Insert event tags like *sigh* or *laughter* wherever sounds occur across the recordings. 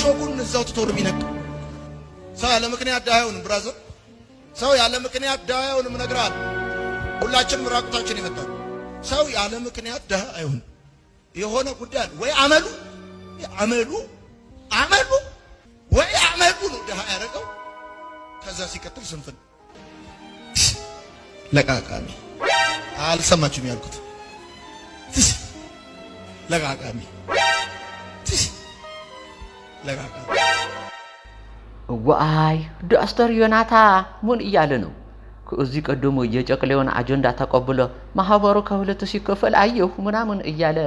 ሾኩን እዛው ትቶ ነው የሚነቀው። ሰው ያለ ምክንያት ድሃ አይሆንም። ብራዘር፣ ሰው ያለ ምክንያት ድሃ አይሆንም። ሁላችንም ራቁታችን ይመጣል። ሰው ያለ ምክንያት ድሃ አይሆንም። የሆነ ጉዳይ ወይ አመሉ አመሉ አመሉ ወይ አመሉ ነው ድሃ ያደረገው። ከዛ ሲቀጥል ስንፍን ለቃቃሚ አልሰማችሁም ያልኩት ለቃቃሚ ዋይ ዶክተር ዮናታ ምን እያለ ነው? ከዚህ ቀደሞ የጨቅሌውን አጀንዳ ተቀብሎ ማህበሩ ከሁለት ሲከፈል አየሁ ምናምን እያለ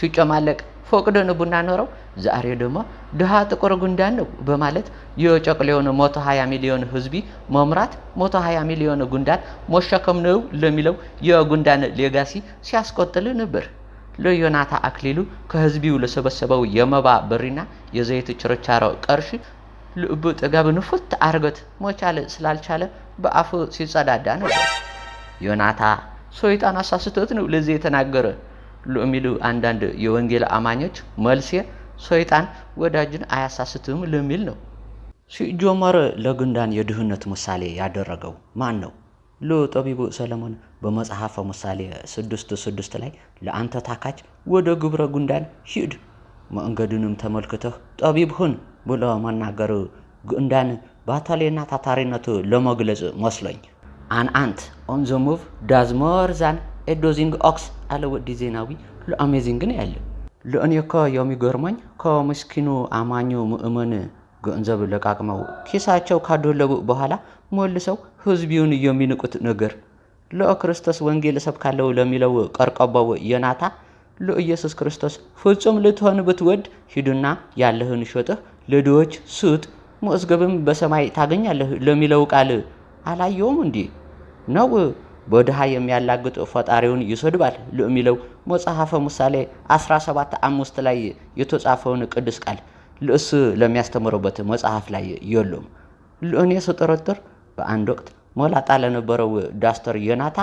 ሲጨማለቅ ፎቅደን ቡና ኖረው፣ ዛሬ ደግሞ ድሃ ጥቁር ጉንዳን ነው በማለት የጨቅሌውን 20 ሚሊዮን ህዝቢ መምራት 20 ሚሊዮን ጉንዳን መሸከም ነው ለሚለው የጉንዳን ሌጋሲ ሲያስቆጥል ነበር። ለዮናታ አክሊሉ ከህዝቢው ለሰበሰበው የመባ ብሪና የዘይት ችርቻሮ ቀርሺ ልብ ጥጋብ ንፉት አርገት መቻል ስላልቻለ በአፉ ሲጸዳዳ ነበር። ዮናታ ሰይጣን አሳስቶት ነው ለዚህ የተናገረ ለሚሉ አንዳንድ የወንጌል አማኞች መልሴ ሰይጣን ወዳጅን አያሳስትም ለሚል ነው። ሲጀመር ለግንዳን የድህነት ምሳሌ ያደረገው ማን ነው? ሎ ጠቢቡ ሰለሞን በመጽሐፈ ምሳሌ ስድስት ስድስት ላይ ለአንተ ታካች ወደ ግብረ ጉንዳን ሂድ መንገድንም ተመልክተህ ጠቢብ ሁን ብሎ መናገር ጉንዳን ባታሌና ታታሪነቱ ለመግለጽ መስሎኝ። አን አንት ኦን ዘ ሙቭ ዳዝ ሞር ዛን ኤ ኦክስ አለ ወዲ ዜናዊ። ለአሜዚንግ ያለ። ለእኔ እኮ የሚገርመኝ ከምስኪኑ አማኙ ምእመን ገንዘብ ለቃቅመው ኪሳቸው ካዶለቡ በኋላ ሞልሰው ህዝቢውን የሚንቁት ነገር ለክርስቶስ ወንጌል እሰብካለሁ ለሚለው ቀርቀባው የናታ ለኢየሱስ ክርስቶስ ፍጹም ልትሆን ብትወድ ሂዱና ያለህን ሸጥህ ለድሆች ስጥ መዝገብም በሰማይ ታገኛለህ ለሚለው ቃል አላየውም እንዴ ነው? በድሃ የሚያላግጥ ፈጣሪውን ይሰድባል ለሚለው መጽሐፈ ምሳሌ 17 አምስት ላይ የተጻፈውን ቅዱስ ቃል ልእሱ ለሚያስተምረበት መጽሐፍ ላይ የሉም። እኔ ስጠረጥር በአንድ ወቅት ሞላጣ ለነበረው ዳስተር የናታ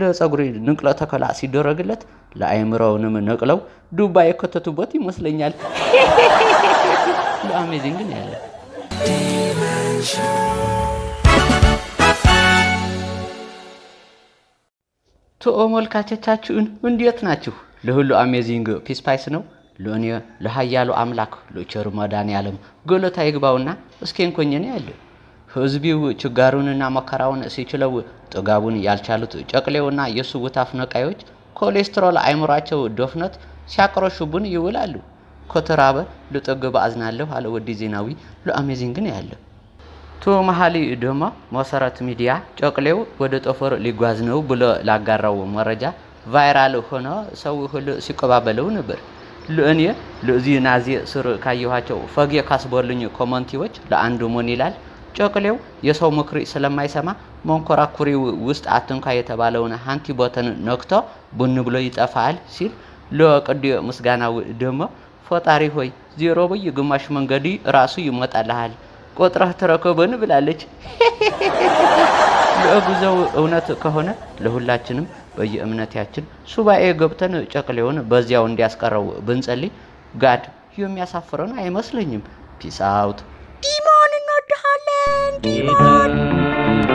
ለፀጉሪ ንቅለ ተከላ ሲደረግለት ለአእምሮውንም ነቅለው ዱባ የከተቱበት ይመስለኛል። በአሜዚንግ *laughs* ግን ያለ ተመልካቾቻችሁን እንዴት ናችሁ? ለሁሉ አሜዚንግ ፒስፓይስ ነው። ለኃያሉ አምላክ ለቸሩ ያለም ገሎታ ይግባውና እስኬንኮኝን ያለ ህዝቢው ችጋሩንና መከራውን ሲችለው ጥጋቡን ያልቻሉት ጨቅሌውና የሱ ውታፍ ነቃዮች ኮሌስትሮል አይምሯቸው ዶፍነት ሲያቅረሹብን ይውላሉ። ከተራበ ልጠገብ አዝናለሁ አለ ወዲ ዜናዊ ለአሜዚንግን ያለ ቱ መሀሊ ደሞ መሰረት ሚዲያ ጨቅሌው ወደ ጠፈር ሊጓዝ ነው ብሎ ላጋራው መረጃ ቫይራል ሆነ ሰው ሁሉ ሲቀባበለው ነበር። እኔ ለዚህ ናዚ ስር ካየኋቸው ፈጌ ካስበልኝ ኮመንቲዎች ለአንዱ ምን ይላል? ጨቅሌው የሰው ምክሪ ስለማይሰማ መንኮራኩሪው ውስጥ አትንኳ የተባለውን ሀንቲ ቦተን ነክቶ ቡን ብሎ ይጠፋል ሲል፣ ለቅዲ ምስጋናው ደሞ ፈጣሪ ሆይ ዜሮ ብይ ግማሽ መንገድ ራሱ ይመጣልሃል ቆጥረህ ትረከበን ብላለች። *laughs* ለጉዞው እውነት ከሆነ ለሁላችንም በየእምነታችን ሱባኤ ገብተን ጨቅሌውን በዚያው እንዲያስቀረው ብንጸልይ ጋድ የሚያሳፍረን አይመስለኝም። ፒስ አውት ዲሞን እንወድሃለን ዲሞን